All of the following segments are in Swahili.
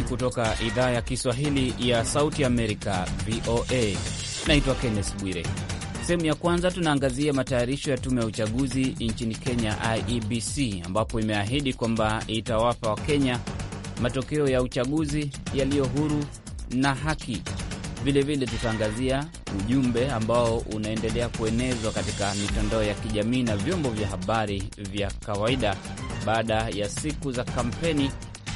Undani kutoka idhaa ya Kiswahili ya Sauti Amerika, VOA. Naitwa kennes Bwire. Sehemu ya kwanza tunaangazia matayarisho ya tume ya uchaguzi nchini Kenya, IEBC, ambapo imeahidi kwamba itawapa Wakenya matokeo ya uchaguzi yaliyo huru na haki. Vilevile tutaangazia ujumbe ambao unaendelea kuenezwa katika mitandao ya kijamii na vyombo vya habari vya kawaida baada ya siku za kampeni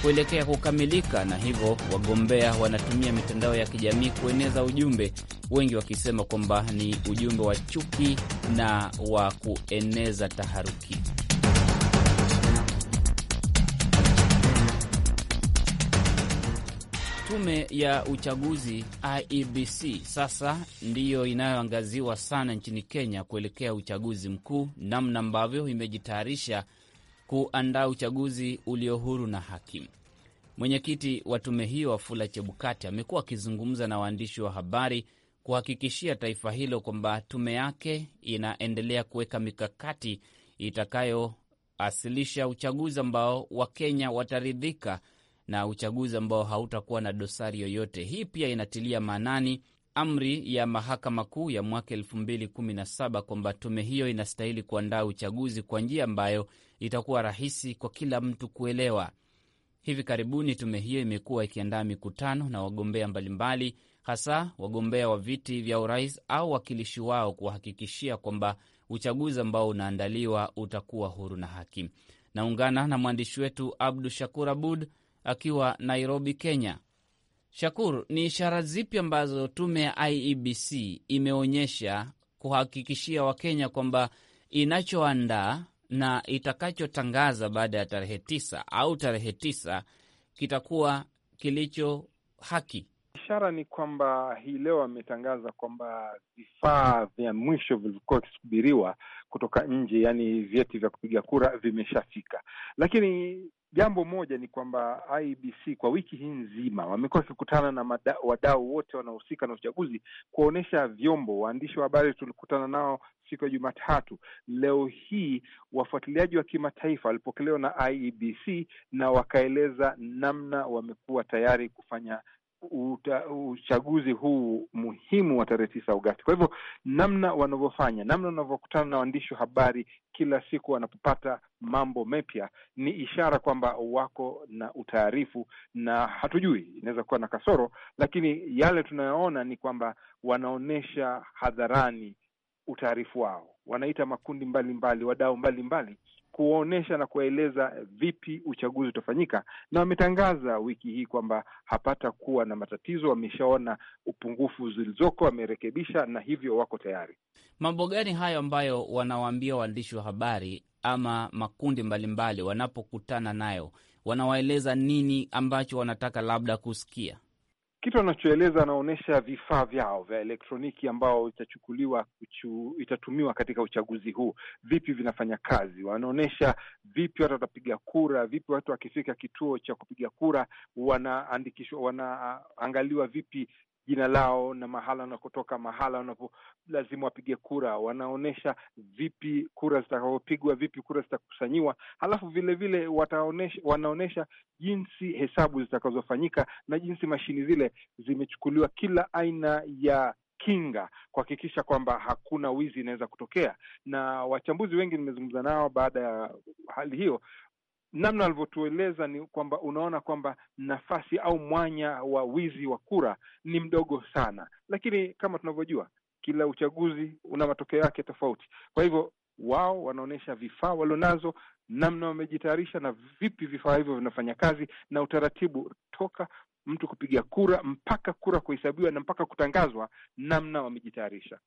kuelekea kukamilika, na hivyo wagombea wanatumia mitandao ya kijamii kueneza ujumbe, wengi wakisema kwamba ni ujumbe wa chuki na wa kueneza taharuki. Tume ya uchaguzi IEBC sasa ndiyo inayoangaziwa sana nchini Kenya kuelekea uchaguzi mkuu, namna ambavyo imejitayarisha kuandaa uchaguzi ulio huru na haki. Mwenyekiti wa tume hiyo Wafula Chebukati amekuwa akizungumza na waandishi wa habari kuhakikishia taifa hilo kwamba tume yake inaendelea kuweka mikakati itakayoasilisha uchaguzi ambao Wakenya wataridhika na uchaguzi ambao hautakuwa na dosari yoyote. Hii pia inatilia maanani amri ya mahakama kuu ya mwaka elfu kwamba tume hiyo inastahili kuandaa uchaguzi kwa njia ambayo itakuwa rahisi kwa kila mtu kuelewa. Hivi karibuni tume hiyo imekuwa ikiandaa mikutano na wagombea mbalimbali, hasa wagombea wa viti vya urais au wakilishi wao, kuwahakikishia kwamba uchaguzi ambao unaandaliwa utakuwa huru na haki. Naungana na mwandishi wetu Abdu Shakur Abud akiwa Nairobi, Kenya. Shakur, ni ishara zipi ambazo tume ya IEBC imeonyesha kuhakikishia Wakenya kwamba inachoandaa na itakachotangaza baada ya tarehe tisa au tarehe tisa kitakuwa kilicho haki Ishara ni kwamba hii leo ametangaza kwamba vifaa vya mwisho vilivyokuwa vikisubiriwa kutoka nje, yaani vyeti vya kupiga kura vimeshafika, lakini jambo moja ni kwamba IBC kwa wiki hii nzima wamekuwa wakikutana na wadau wote wanaohusika na uchaguzi kuwaonyesha vyombo. Waandishi wa habari tulikutana nao siku ya Jumatatu. Leo hii wafuatiliaji wa kimataifa walipokelewa na IEBC na wakaeleza namna wamekuwa tayari kufanya uta, uchaguzi huu muhimu wa tarehe tisa Agosti. Kwa hivyo namna wanavyofanya, namna wanavyokutana na waandishi wa habari kila siku wanapopata mambo mapya ni ishara kwamba wako na utaarifu, na hatujui, inaweza kuwa na kasoro, lakini yale tunayoona ni kwamba wanaonyesha hadharani utaarifu wao, wanaita makundi mbalimbali, wadau mbalimbali kuonyesha na kuwaeleza vipi uchaguzi utafanyika, na wametangaza wiki hii kwamba hapata kuwa na matatizo. Wameshaona upungufu zilizoko, wamerekebisha na hivyo wako tayari. Mambo gani hayo ambayo wanawaambia waandishi wa habari ama makundi mbalimbali wanapokutana nayo, wanawaeleza nini ambacho wanataka labda kusikia? Kitu anachoeleza anaonyesha vifaa vyao vya elektroniki ambao itachukuliwa kuchu, itatumiwa katika uchaguzi huu, vipi vinafanya kazi. Wanaonyesha vipi watu watapiga kura, vipi watu wakifika kituo cha kupiga kura wanaandikishwa, wanaangaliwa vipi jina lao na mahala wanakotoka, mahala wanapo lazima wapige kura, wanaonyesha vipi kura zitakavyopigwa, vipi kura zitakusanyiwa, halafu vilevile wanaonyesha jinsi hesabu zitakazofanyika na jinsi mashini zile zimechukuliwa kila aina ya kinga kuhakikisha kwamba hakuna wizi inaweza kutokea. Na wachambuzi wengi nimezungumza nao baada ya hali hiyo namna alivyotueleza ni kwamba unaona kwamba nafasi au mwanya wa wizi wa kura ni mdogo sana, lakini kama tunavyojua kila uchaguzi una matokeo yake tofauti. Kwa hivyo wao wanaonyesha vifaa walionazo, namna wamejitayarisha na vipi vifaa hivyo vinafanya kazi na utaratibu toka mtu kupiga kura mpaka kura kuhesabiwa na mpaka kutangazwa, namna wamejitayarisha.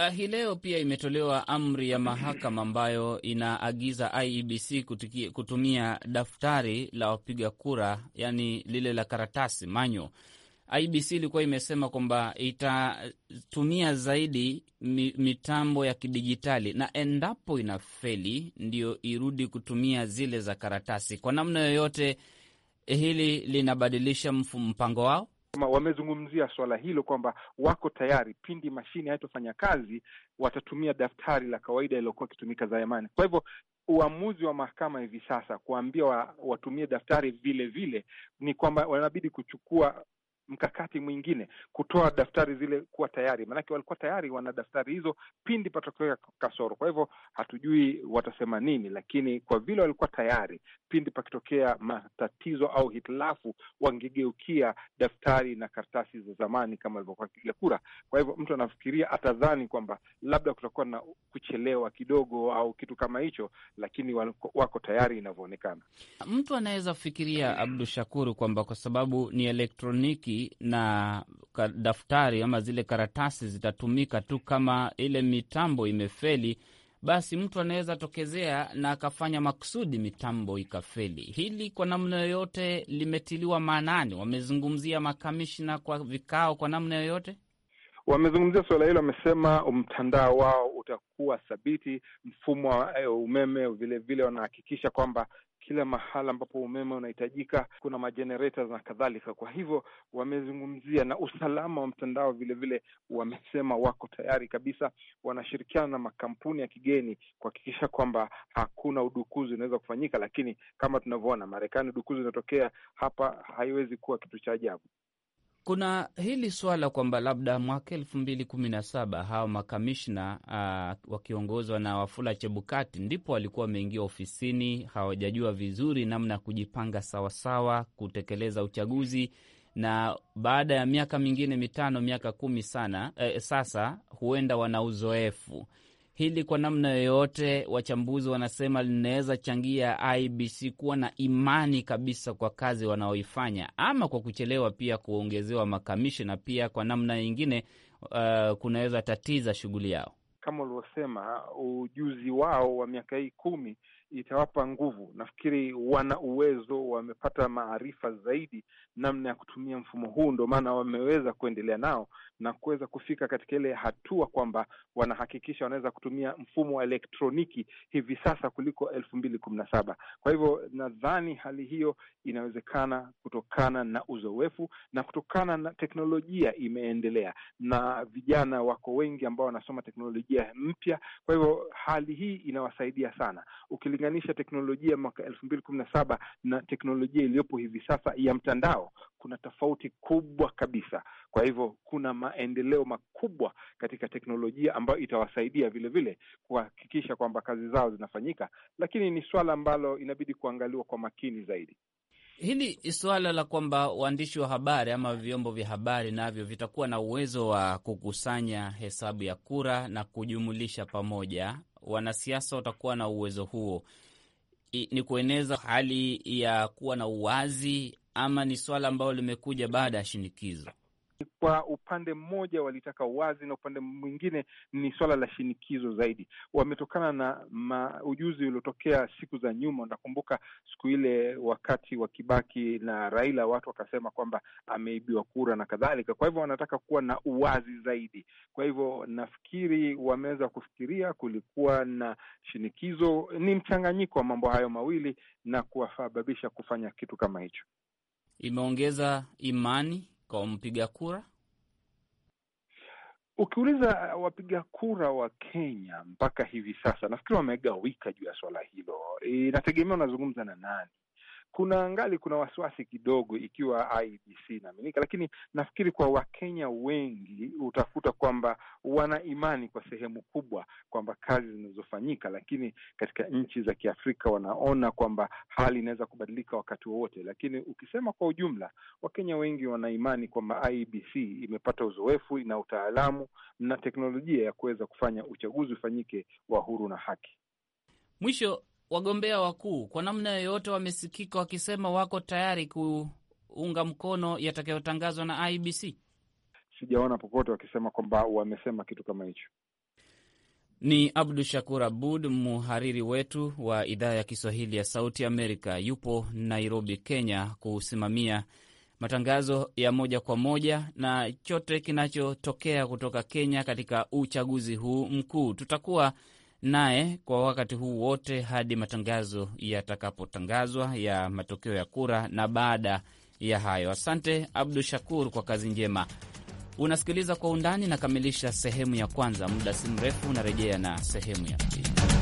Ah, hii leo pia imetolewa amri ya mahakama ambayo inaagiza IEBC kutiki, kutumia daftari la wapiga kura, yani lile la karatasi manyo. IEBC ilikuwa imesema kwamba itatumia zaidi mitambo ya kidijitali na endapo inafeli ndio irudi kutumia zile za karatasi. Kwa namna yoyote, hili linabadilisha mpango wao wamezungumzia swala hilo kwamba wako tayari pindi mashine haitofanya kazi, watatumia daftari la kawaida lililokuwa akitumika zamani. Kwa hivyo uamuzi wa mahakama hivi sasa kuambia wa, watumie daftari vile vile ni kwamba wanabidi kuchukua mkakati mwingine, kutoa daftari zile kuwa tayari, maanake walikuwa tayari wana daftari hizo pindi patokea kasoro. Kwa hivyo hatujui watasema nini, lakini kwa vile walikuwa tayari, pindi pakitokea matatizo au hitilafu, wangegeukia daftari na karatasi za zamani kama alivyokuwa akipiga kura. Kwa hivyo mtu anafikiria, atadhani kwamba labda kutakuwa na kuchelewa kidogo au kitu kama hicho, lakini wako, wako tayari inavyoonekana. Mtu anaweza fikiria Abdu Shakuru kwamba kwa sababu ni elektroniki na daftari ama zile karatasi zitatumika tu kama ile mitambo imefeli, basi mtu anaweza tokezea na akafanya makusudi mitambo ikafeli. Hili kwa namna yoyote limetiliwa maanani? Wamezungumzia makamishna kwa vikao kwa namna yoyote? Wamezungumzia suala hilo, wamesema mtandao wao utakuwa thabiti, mfumo wa eh, umeme vilevile. Wanahakikisha kwamba kila mahala ambapo umeme unahitajika kuna majenereta na kadhalika. Kwa hivyo wamezungumzia na usalama wa mtandao vilevile, wamesema wako tayari kabisa, wanashirikiana na makampuni ya kigeni kuhakikisha kwamba hakuna udukuzi unaweza kufanyika, lakini kama tunavyoona Marekani, udukuzi unatokea hapa, haiwezi kuwa kitu cha ajabu kuna hili swala kwamba labda mwaka elfu mbili kumi na saba hawa makamishna uh, wakiongozwa na Wafula Chebukati ndipo walikuwa wameingia ofisini, hawajajua vizuri namna ya kujipanga sawasawa kutekeleza uchaguzi na baada ya miaka mingine mitano miaka kumi sana eh, sasa huenda wana uzoefu hili kwa namna yoyote, wachambuzi wanasema linaweza changia IBC kuwa na imani kabisa kwa kazi wanaoifanya, ama kwa kuchelewa pia kuongezewa makamishina, pia kwa namna nyingine uh, kunaweza tatiza shughuli yao. Kama ulivyosema, ujuzi wao wa miaka hii kumi itawapa nguvu. Nafikiri wana uwezo, wamepata maarifa zaidi namna ya kutumia mfumo huu, ndio maana wameweza kuendelea nao na kuweza kufika katika ile hatua kwamba wanahakikisha wanaweza kutumia mfumo wa elektroniki hivi sasa kuliko elfu mbili kumi na saba. Kwa hivyo nadhani hali hiyo inawezekana kutokana na uzoefu na kutokana na teknolojia imeendelea, na vijana wako wengi ambao wanasoma teknolojia mpya. Kwa hivyo hali hii inawasaidia sana Ukili ukilinganisha teknolojia mwaka elfu mbili kumi na saba na teknolojia iliyopo hivi sasa ya mtandao, kuna tofauti kubwa kabisa. Kwa hivyo kuna maendeleo makubwa katika teknolojia ambayo itawasaidia vilevile kuhakikisha kwamba kazi zao zinafanyika, lakini ni swala ambalo inabidi kuangaliwa kwa makini zaidi. Hili suala la kwamba waandishi wa habari ama vyombo vya habari navyo vitakuwa na uwezo wa kukusanya hesabu ya kura na kujumulisha pamoja wanasiasa watakuwa na uwezo huo? I, ni kueneza hali ya kuwa na uwazi ama ni swala ambalo limekuja baada ya shinikizo? Kwa upande mmoja walitaka uwazi na upande mwingine ni swala la shinikizo zaidi. Wametokana na ma, ujuzi uliotokea siku za nyuma. Unakumbuka siku ile wakati wa Kibaki na Raila, watu wakasema kwamba ameibiwa kura na kadhalika. Kwa hivyo wanataka kuwa na uwazi zaidi. Kwa hivyo nafikiri wameweza kufikiria, kulikuwa na shinikizo, ni mchanganyiko wa mambo hayo mawili na kuwasababisha kufanya kitu kama hicho. Imeongeza imani kwa mpiga kura? Ukiuliza uh, wapiga kura wa Kenya mpaka hivi sasa, nafikiri wamegawika juu ya swala hilo. Inategemea unazungumza na nani kuna angali kuna wasiwasi kidogo ikiwa IEBC inaaminika, lakini nafikiri kwa Wakenya wengi utakuta kwamba wana imani kwa sehemu kubwa kwamba kazi zinazofanyika, lakini katika nchi za Kiafrika wanaona kwamba hali inaweza kubadilika wakati wowote. Lakini ukisema kwa ujumla, Wakenya wengi wana imani kwamba ibc imepata uzoefu, na utaalamu na teknolojia ya kuweza kufanya uchaguzi ufanyike wa huru na haki. Mwisho wagombea wakuu kwa namna yoyote wamesikika wakisema wako tayari kuunga mkono yatakayotangazwa na IBC? Sijaona popote wakisema kwamba wamesema kitu kama hicho. Ni Abdu Shakur Abud, mhariri wetu wa idhaa ya Kiswahili ya Sauti Amerika, yupo Nairobi, Kenya, kusimamia matangazo ya moja kwa moja na chote kinachotokea kutoka Kenya katika uchaguzi huu mkuu. Tutakuwa naye kwa wakati huu wote hadi matangazo yatakapotangazwa ya matokeo ya kura na baada ya hayo. Asante Abdu Shakur kwa kazi njema. Unasikiliza Kwa Undani, nakamilisha sehemu ya kwanza. Muda si mrefu unarejea na sehemu ya pili.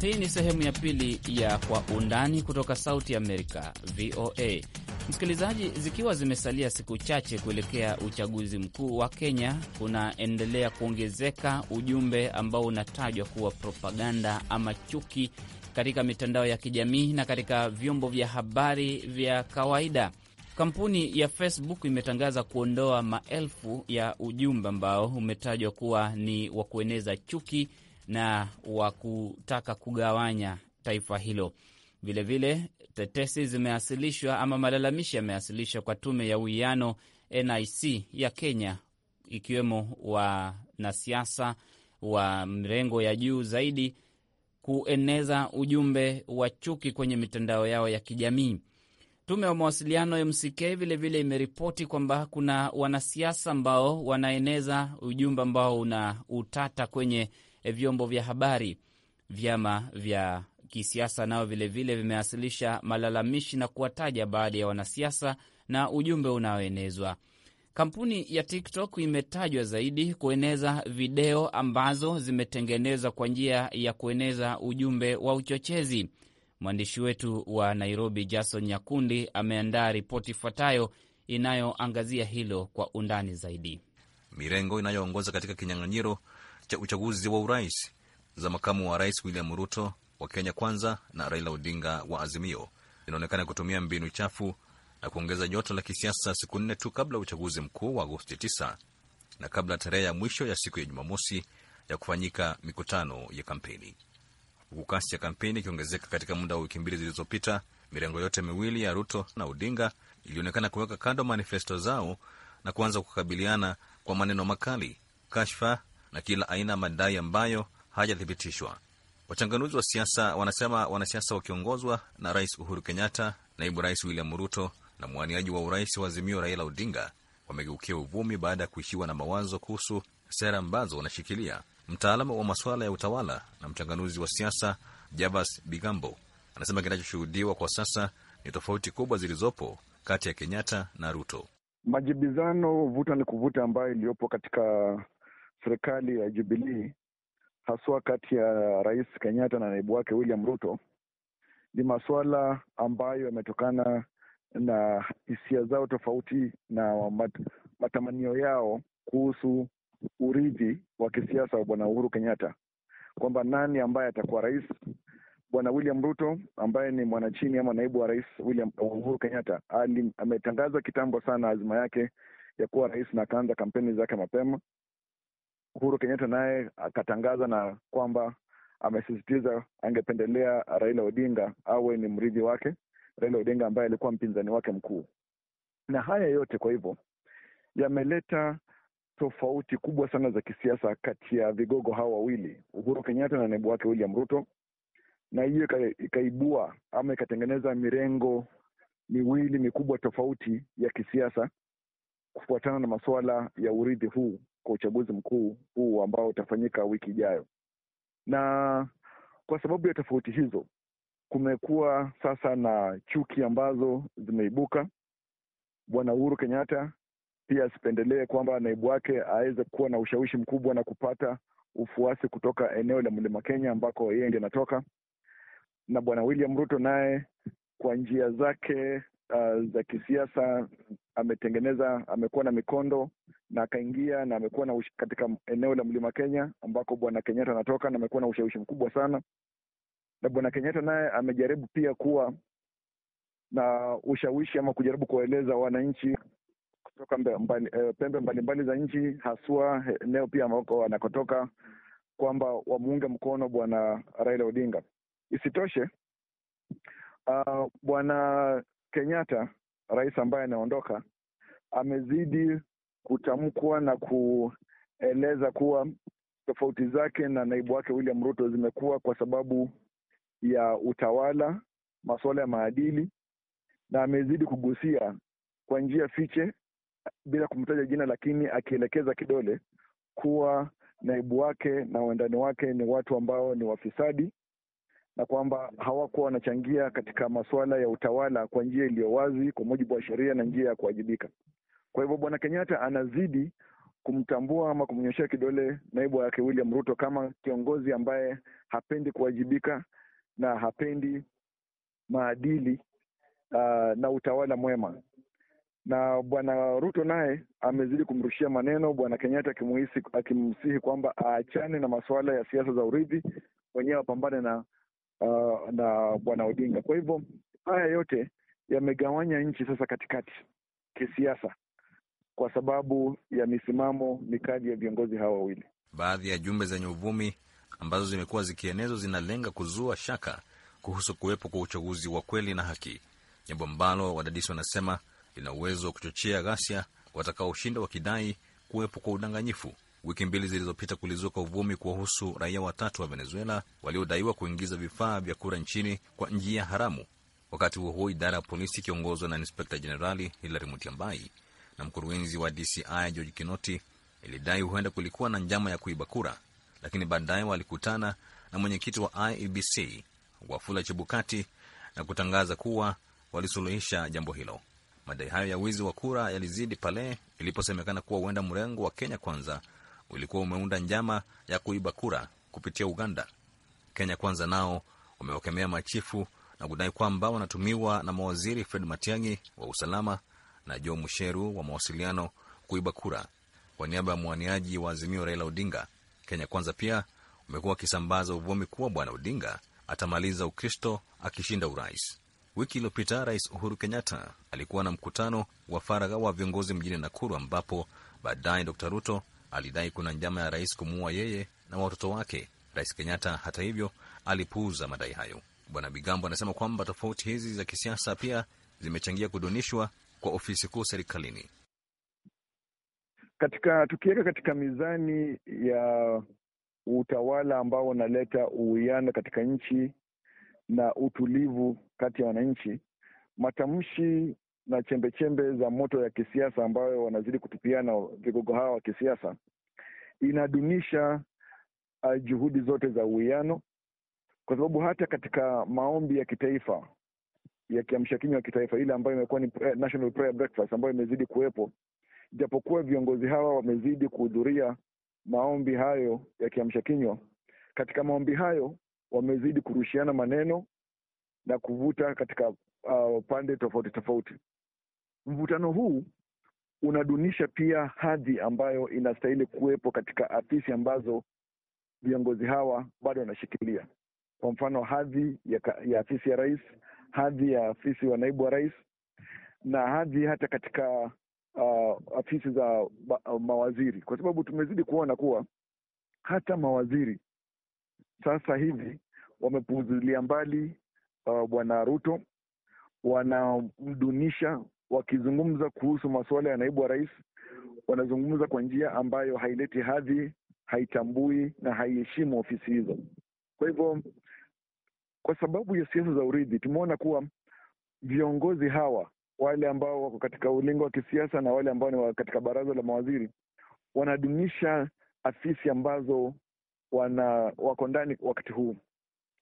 Hii ni sehemu ya pili ya Kwa Undani kutoka Sauti Amerika, VOA. Msikilizaji, zikiwa zimesalia siku chache kuelekea uchaguzi mkuu wa Kenya, kunaendelea kuongezeka ujumbe ambao unatajwa kuwa propaganda ama chuki katika mitandao ya kijamii na katika vyombo vya habari vya kawaida. Kampuni ya Facebook imetangaza kuondoa maelfu ya ujumbe ambao umetajwa kuwa ni wa kueneza chuki na wa kutaka kugawanya taifa hilo. Vilevile tetesi zimewasilishwa ama malalamishi yamewasilishwa kwa tume ya uwiano NIC ya Kenya, ikiwemo wanasiasa wa mrengo ya juu zaidi kueneza ujumbe wa chuki kwenye mitandao yao ya kijamii. Tume ya mawasiliano MCK vilevile imeripoti kwamba kuna wanasiasa ambao wanaeneza ujumbe ambao una utata kwenye Eh, vyombo vya habari. Vyama vya kisiasa nao vilevile vimewasilisha malalamishi na kuwataja baadhi ya wanasiasa na ujumbe unaoenezwa. Kampuni ya TikTok imetajwa zaidi kueneza video ambazo zimetengenezwa kwa njia ya kueneza ujumbe wa uchochezi. Mwandishi wetu wa Nairobi, Jason Nyakundi, ameandaa ripoti ifuatayo inayoangazia hilo kwa undani zaidi. Mirengo inayoongoza katika kinyang'anyiro cha uchaguzi wa urais za makamu wa rais William Ruto wa Kenya Kwanza na Raila Odinga wa Azimio inaonekana kutumia mbinu chafu na kuongeza joto la kisiasa siku nne tu kabla uchaguzi mkuu wa Agosti 9 na kabla tarehe ya mwisho ya siku ya Jumamosi ya kufanyika mikutano ya kampeni. Huku kasi ya kampeni ikiongezeka katika muda wa wiki mbili zilizopita, mirengo yote miwili ya Ruto na Odinga ilionekana kuweka kando manifesto zao na kuanza kukabiliana kwa maneno makali, kashfa na kila aina madai ambayo hayajathibitishwa. Wachanganuzi wa siasa wanasema wanasiasa wakiongozwa na Rais Uhuru Kenyatta, naibu rais William Ruto na mwaniaji wa urais wa Azimio Raila Odinga wamegeukia uvumi baada ya kuishiwa na mawazo kuhusu sera ambazo wanashikilia. Mtaalamu wa masuala ya utawala na mchanganuzi wa siasa Javas Bigambo anasema kinachoshuhudiwa kwa sasa ni tofauti kubwa zilizopo kati ya Kenyatta na Ruto. Majibizano vuta ni kuvuta ambayo iliyopo katika serikali ya Jubilii haswa kati ya Rais Kenyatta na naibu wake William Ruto ni masuala ambayo yametokana na hisia zao tofauti na mat, matamanio yao kuhusu urithi wa kisiasa wa Bwana Uhuru Kenyatta, kwamba nani ambaye atakuwa rais. Bwana William Ruto ambaye ni mwanachini ama naibu wa rais William Uhuru Kenyatta ametangaza kitambo sana azima yake ya kuwa rais na akaanza kampeni zake mapema Uhuru Kenyatta naye akatangaza na kwamba amesisitiza angependelea Raila Odinga awe ni mrithi wake, Raila Odinga ambaye alikuwa mpinzani wake mkuu. Na haya yote kwa hivyo yameleta tofauti kubwa sana za kisiasa kati ya vigogo hawa wawili, Uhuru Kenyatta na naibu wake William Ruto, na hiyo ikaibua ama ikatengeneza mirengo miwili mikubwa tofauti ya kisiasa kufuatana na masuala ya urithi huu kwa uchaguzi mkuu huu ambao utafanyika wiki ijayo. Na kwa sababu ya tofauti hizo, kumekuwa sasa na chuki ambazo zimeibuka. Bwana Uhuru Kenyatta pia asipendelee kwamba naibu wake aweze kuwa na ushawishi mkubwa na kupata ufuasi kutoka eneo la mlima Kenya ambako yeye ndiye anatoka, na bwana William Ruto naye kwa njia zake uh, za kisiasa ametengeneza, amekuwa na mikondo na akaingia na amekuwa na ush... katika eneo la mlima Kenya ambako bwana Kenyatta anatoka na amekuwa na ushawishi mkubwa sana, na bwana Kenyatta naye amejaribu pia kuwa na ushawishi ama kujaribu kuwaeleza wananchi kutoka mbali, e, pembe mbalimbali za nchi haswa eneo pia ambako anakotoka kwamba wamuunge mkono bwana Raila Odinga. Isitoshe, uh, bwana Kenyatta rais ambaye anaondoka amezidi kutamkwa na kueleza kuwa tofauti zake na naibu wake William Ruto zimekuwa kwa sababu ya utawala, masuala ya maadili, na amezidi kugusia kwa njia fiche bila kumtaja jina, lakini akielekeza kidole kuwa naibu wake na wendani wake ni watu ambao ni wafisadi na kwamba hawakuwa wanachangia katika masuala ya utawala kwa njia iliyo wazi kwa mujibu wa sheria na njia ya kuwajibika. Kwa hivyo Bwana Kenyatta anazidi kumtambua ama kumnyoshea kidole naibu wake William Ruto kama kiongozi ambaye hapendi kuwajibika na hapendi maadili uh, na utawala mwema. Na bwana Ruto naye amezidi kumrushia maneno bwana Kenyatta akimsihi kwamba aachane na masuala ya siasa za urithi, wenyewe wapambane na uh, na bwana Odinga. Kwa hivyo haya yote yamegawanya nchi sasa katikati kisiasa kwa sababu ya misimamo mikali ya viongozi hawa wawili. Baadhi ya jumbe zenye uvumi ambazo zimekuwa zikienezwa zinalenga kuzua shaka kuhusu kuwepo kwa uchaguzi wa kweli na haki, jambo ambalo wadadisi wanasema lina uwezo wa kuchochea ghasia, watakaoshinda wakidai kuwepo kwa udanganyifu. Wiki mbili zilizopita kulizuka uvumi kuwahusu raia watatu wa Venezuela waliodaiwa kuingiza vifaa vya kura nchini kwa njia haramu. Wakati huo huo, idara ya polisi ikiongozwa na inspekta jenerali Hilary Mutyambai na mkurugenzi wa DCI George Kinoti ilidai huenda kulikuwa na njama ya kuiba kura, lakini baadaye walikutana na mwenyekiti wa IEBC Wafula Chebukati na kutangaza kuwa walisuluhisha jambo hilo. Madai hayo ya wizi wa kura yalizidi pale iliposemekana kuwa huenda mrengo wa Kenya Kwanza ulikuwa umeunda njama ya kuiba kura kupitia Uganda. Kenya Kwanza nao wamewakemea machifu na kudai kwamba wanatumiwa na mawaziri Fred Matiang'i wa usalama na Joe Musheru wa mawasiliano kuiba kura kwa niaba ya mwaniaji wa Azimio Raila Odinga. Kenya Kwanza pia umekuwa akisambaza uvumi kuwa Bwana Odinga atamaliza Ukristo akishinda urais. Wiki iliyopita Rais Uhuru Kenyatta alikuwa na mkutano wa faragha wa viongozi mjini Nakuru, ambapo baadaye Dr Ruto alidai kuna njama ya rais kumuua yeye na watoto wake. Rais Kenyatta hata hivyo alipuuza madai hayo. Bwana Bigambo anasema kwamba tofauti hizi za kisiasa pia zimechangia kudunishwa kwa ofisi kuu serikalini. Katika tukiweka katika mizani ya utawala ambao unaleta uwiano katika nchi na utulivu kati ya wananchi, matamshi na chembechembe za moto ya kisiasa ambayo wanazidi kutupiana vigogo hawa wa kisiasa inadumisha ah, juhudi zote za uwiano, kwa sababu hata katika maombi ya kitaifa ya kiamsha kinywa kitaifa ile ambayo imekuwa ni pre, national prayer breakfast ambayo imezidi kuwepo, japokuwa viongozi hawa wamezidi kuhudhuria maombi hayo ya kiamsha kinywa. Katika maombi hayo wamezidi kurushiana maneno na kuvuta katika uh, pande tofauti tofauti. Mvutano huu unadunisha pia hadhi ambayo inastahili kuwepo katika afisi ambazo viongozi hawa bado wanashikilia, kwa mfano hadhi ya, ya afisi ya rais, hadhi ya afisi wa naibu wa rais na hadhi hata katika uh, afisi za uh, mawaziri, kwa sababu tumezidi kuona kuwa hata mawaziri sasa hivi wamepuuzilia mbali uh, Bwana Ruto, wanamdunisha wakizungumza kuhusu masuala ya naibu wa rais, wanazungumza kwa njia ambayo haileti hadhi, haitambui na haiheshimu ofisi hizo. Kwa hivyo kwa sababu ya siasa za urithi, tumeona kuwa viongozi hawa wale ambao wako katika ulingo wa kisiasa na wale ambao ni katika baraza la mawaziri wanadumisha afisi ambazo wana wako ndani wakati huu,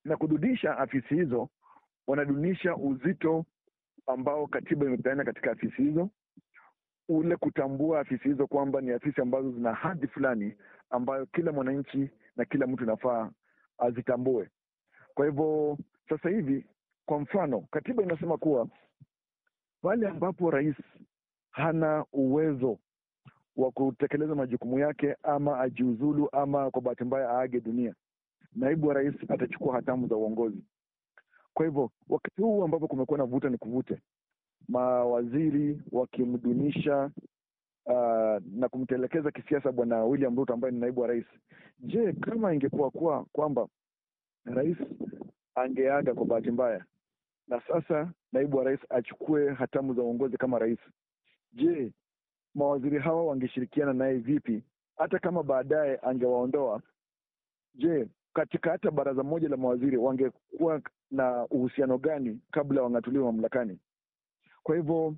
na kududisha afisi hizo, wanadunisha uzito ambao katiba imepeana katika afisi hizo, ule kutambua afisi hizo kwamba ni afisi ambazo zina hadhi fulani ambayo kila mwananchi na kila mtu inafaa azitambue. Kwa hivyo sasa hivi, kwa mfano, katiba inasema kuwa pale ambapo rais hana uwezo wa kutekeleza majukumu yake, ama ajiuzulu, ama kwa bahati mbaya aage dunia, naibu wa rais atachukua hatamu za uongozi. Kwa hivyo wakati huu ambapo kumekuwa na vuta ni kuvute, mawaziri wakimdunisha uh, na kumtelekeza kisiasa bwana William Ruto ambaye ni naibu wa rais. Je, kama ingekuwa kuwa kwamba rais angeaga kwa bahati mbaya, na sasa naibu wa rais achukue hatamu za uongozi kama rais, je, mawaziri hawa wangeshirikiana naye vipi? Hata kama baadaye angewaondoa, je, katika hata baraza moja la mawaziri wangekuwa na uhusiano gani kabla wang'atuliwa mamlakani? Kwa hivyo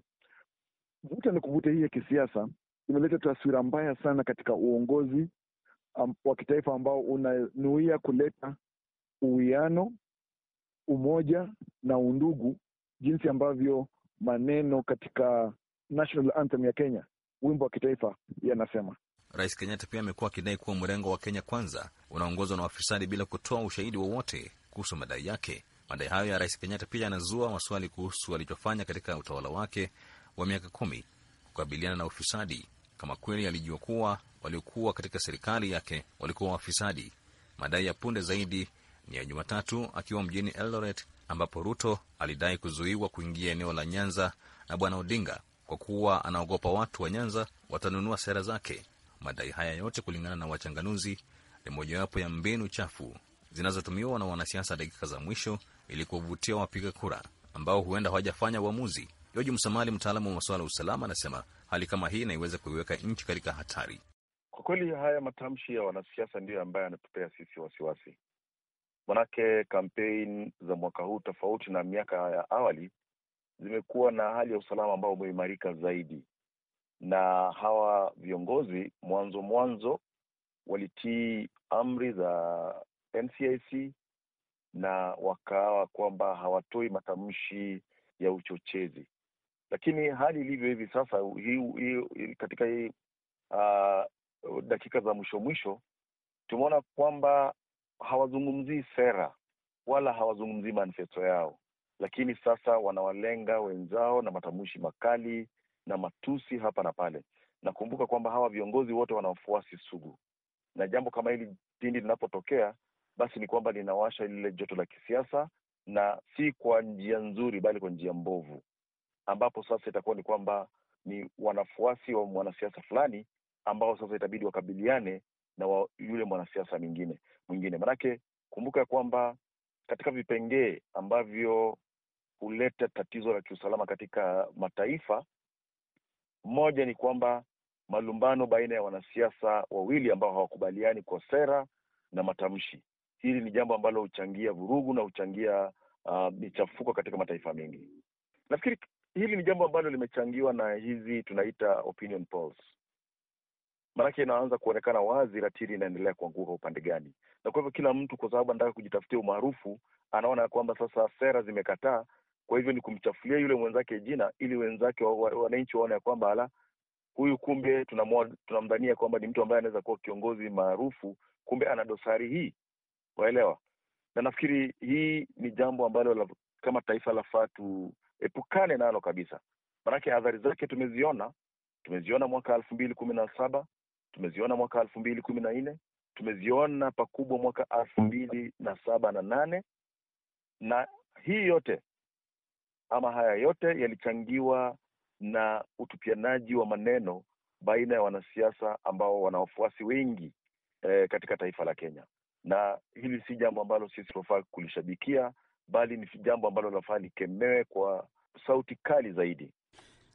vuta na kuvuta hii ya kisiasa imeleta taswira mbaya sana katika uongozi um, wa kitaifa ambao unanuia kuleta uwiano, umoja na undugu, jinsi ambavyo maneno katika national anthem ya Kenya, wimbo wa kitaifa, yanasema. Rais Kenyatta pia amekuwa akidai kuwa mrengo wa Kenya Kwanza unaongozwa na wafisadi bila kutoa ushahidi wowote kuhusu madai yake. Madai hayo ya Rais Kenyatta pia yanazua maswali kuhusu alichofanya katika utawala wake wa miaka kumi kukabiliana na ufisadi, kama kweli alijua kuwa waliokuwa katika serikali yake walikuwa wafisadi. Madai ya punde zaidi ya Jumatatu akiwa mjini Eldoret, ambapo Ruto alidai kuzuiwa kuingia eneo la Nyanza na Bwana Odinga kwa kuwa anaogopa watu wa Nyanza watanunua sera zake. Madai haya yote, kulingana na wachanganuzi, ni mojawapo ya mbinu chafu zinazotumiwa na wanasiasa dakika za mwisho ili kuwavutia wapiga kura ambao huenda hawajafanya uamuzi. Joji Msamali, mtaalamu wa masuala ya usalama, anasema hali kama hii inaiweza kuiweka nchi katika hatari. Kwa kweli haya matamshi ya wanasiasa ndiyo ambayo yanatupea sisi wasiwasi, Manake kampein za mwaka huu tofauti na miaka ya awali zimekuwa na hali ya usalama ambao umeimarika zaidi, na hawa viongozi mwanzo mwanzo walitii amri za NCIC na wakawa kwamba hawatoi matamshi ya uchochezi, lakini hali ilivyo hivi sasa hi, hi, katika hi, uh, ah, dakika za mwisho mwisho tumeona kwamba hawazungumzii sera wala hawazungumzii manifesto yao, lakini sasa wanawalenga wenzao na matamshi makali na matusi hapa na pale. Nakumbuka kwamba hawa viongozi wote wana wafuasi sugu, na jambo kama hili pindi linapotokea, basi ni kwamba linawasha lile joto la kisiasa, na si kwa njia nzuri, bali kwa njia mbovu, ambapo sasa itakuwa ni kwamba ni wanafuasi wa mwanasiasa fulani ambao sasa itabidi wakabiliane na wa yule mwanasiasa mwingine mwingine. Manake kumbuka ya kwamba katika vipengee ambavyo huleta tatizo la kiusalama katika mataifa, moja ni kwamba malumbano baina ya wanasiasa wawili ambao hawakubaliani kwa sera na matamshi. Hili ni jambo ambalo huchangia vurugu na huchangia uh, michafuko katika mataifa mengi. Nafikiri hili ni jambo ambalo limechangiwa na hizi tunaita opinion polls maanake inaanza kuonekana wazi ratili inaendelea kuanguka upande gani. Na kwa hivyo kila mtu, kwa sababu anataka kujitafutia umaarufu, anaona kwamba sasa sera zimekataa, kwa hivyo ni kumchafulia yule mwenzake jina, ili wenzake wananchi waone ya kwamba ala, huyu kumbe tunamdhania kwamba ni mtu ambaye anaweza kuwa kiongozi maarufu, kumbe ana dosari hii, waelewa. Na nafikiri hii ni jambo ambalo la, kama taifa lafaa tuepukane nalo kabisa, manake adhari zake tumeziona tumeziona mwaka elfu mbili kumi na saba tumeziona mwaka elfu mbili kumi na nne tumeziona pakubwa mwaka elfu mbili na saba na nane na hii yote ama haya yote yalichangiwa na utupianaji wa maneno baina ya wanasiasa ambao wana wafuasi wengi e, katika taifa la Kenya, na hili si jambo ambalo sisi tunafaa kulishabikia, bali ni jambo ambalo linafaa likemewe kwa sauti kali zaidi.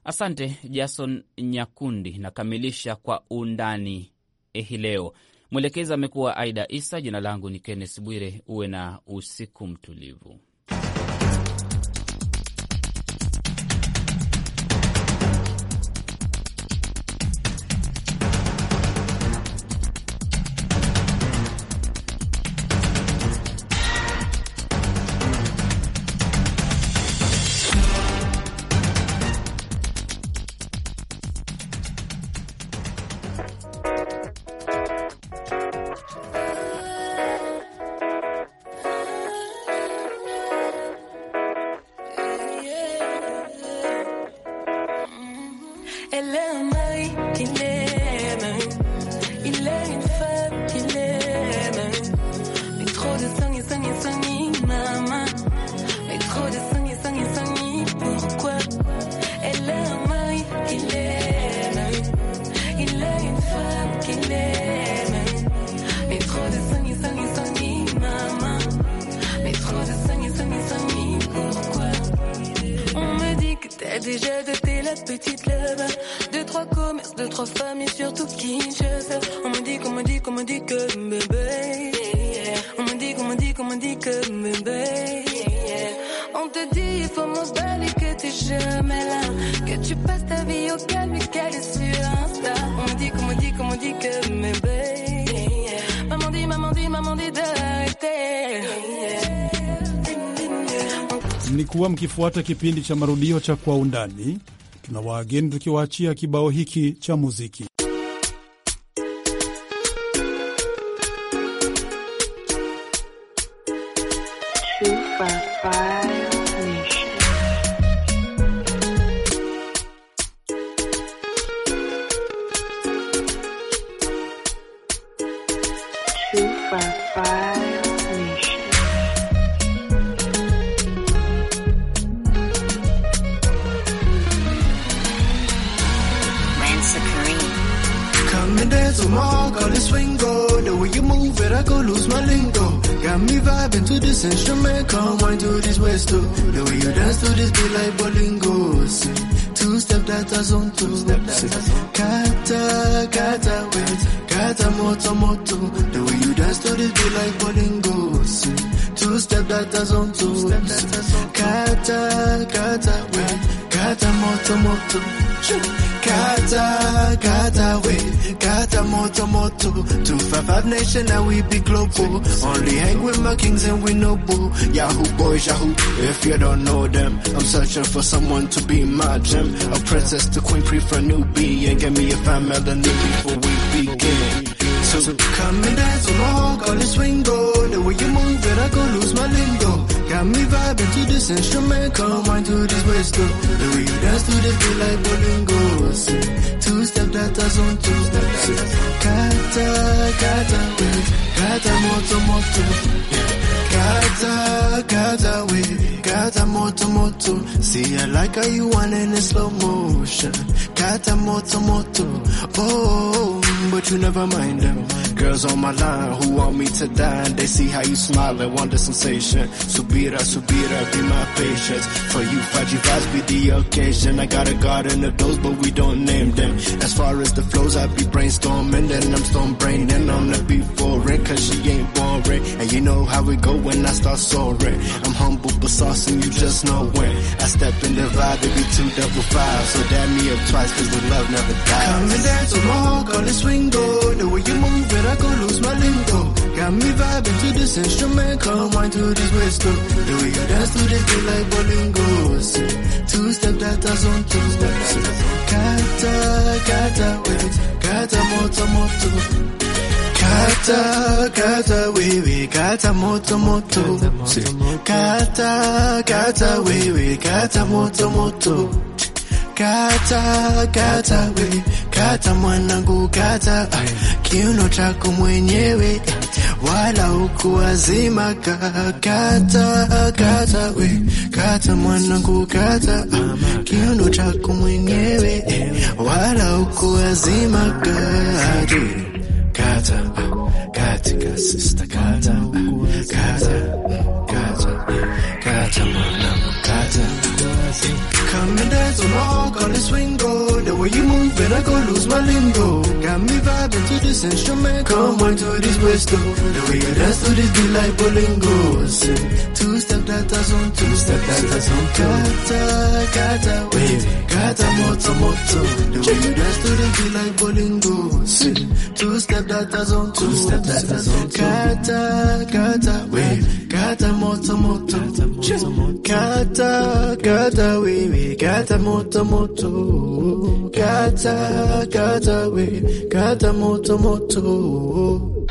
Asante Jason Nyakundi. Nakamilisha kwa undani eh, hii leo. Mwelekezi amekuwa Aida Isa. Jina langu ni Kenneth Bwire. Uwe na usiku mtulivu. ni kuwa mkifuata kipindi cha marudio cha Kwa Undani, tuna wageni tukiwaachia kibao hiki cha muziki. this be like bowling goals. Two step that I on two step that Kata, kata, wait. Kata, moto, moto. The way you dance to this be like bowling goals. Two step that I on two step that Kata, kata, wait. Kata, moto, moto. Kata, kata we, kata moto moto. Two five five nation and we be global. Only hang with my kings and we noble. Yahoo boys, Yahoo. If you don't know them, I'm searching for someone to be my gem. A princess to queen, prefer for newbie, and give me a fine melody before we begin. So come and dance along, call it swingo. The way you move it, I go lose my lingo. Got me vibing to this instrument. Come wine to this whistle. The way you dance to this beat like Bolingo. two step that does on two steps. Kata, kata, we, kata, moto, moto. Kata, kata, we, kata, moto, moto. See, I like how you want it in slow motion. Kata, moto, moto. Oh, but you never mind them. Girls on my line who want me to die. They see how you smile and want the sensation. Subira, subira, be my patience. For you, Faji vibes be the occasion. I got a garden of those, but we don't name them. As far as the flows, I be brainstorming then I'm stone brain and I'm the beat it, cause she ain't boring. And you know how it go when I start soaring. I'm humble but saucy, you just know when. I step in the vibe, it be two double five. So dab me up twice cause the love never dies. Come and dance along, call to swing, go. The way you move it track or lose my limbo. Got me vibing to this instrument. Come wine to this whistle. The way you dance to this feel like Bolingo. two step that does on two steps. Kata, kata, wait, kata, moto, moto. Kata, kata, wait, wait, kata, moto, moto. See, kata, kata, wait, wait, kata, moto, moto. Kata, kata we, kata mwanangu, kata kiuno chako mwenyewe, wala ukuwazima. Kata, kata we, kata mwanangu, kata kiuno chako mwenyewe, wala ukuwazima. Kata, kata, katika sister, kata, kata, kata, kata mwanangu, kata come and dance on my own, to swing, go. The way you move and I go lose my lingo. Got me vibing to this instrument, come on to this whistle. The way you dance to this delightful like bolingo. two step that that's on, two step that that's on. Kata, kata, wait, kata moto moto. The way you dance to this beat like bolingo. two step that that's on, two step that that's on. Kata, kata, kata moto moto kata kata wewe kata moto moto kata kata wewe kata moto moto